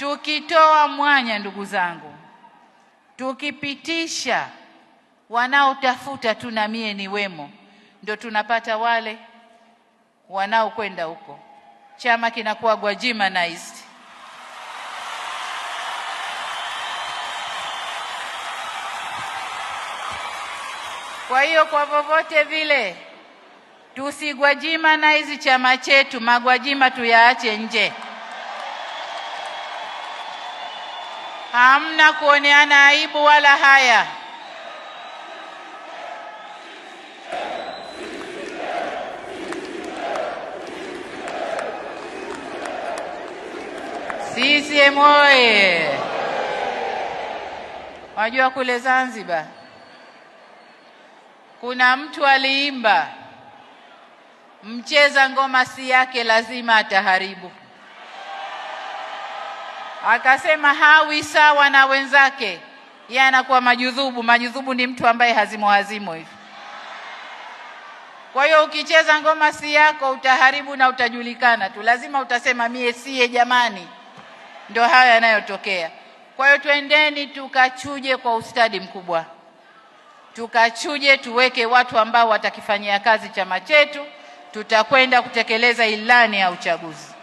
Tukitoa mwanya, ndugu zangu, tukipitisha wanaotafuta tu na mie ni wemo, ndio tunapata wale wanaokwenda huko, chama kinakuwa Gwajimanized. Kwa hiyo kwa vovote vile tusigwajimanize chama chetu, magwajima tuyaache nje. hamna kuoneana aibu wala haya. CCM oye! Wajua kule Zanzibar kuna mtu aliimba, mcheza ngoma si yake lazima ataharibu akasema hawi sawa na wenzake, yeye anakuwa majudhubu. Majudhubu ni mtu ambaye hazimo hazimo hivi. Kwa hiyo ukicheza ngoma si yako utaharibu na utajulikana tu, lazima utasema mie siye jamani. Ndio hayo yanayotokea. Kwa hiyo twendeni tukachuje kwa ustadi mkubwa, tukachuje, tuweke watu ambao watakifanyia kazi chama chetu, tutakwenda kutekeleza ilani ya uchaguzi.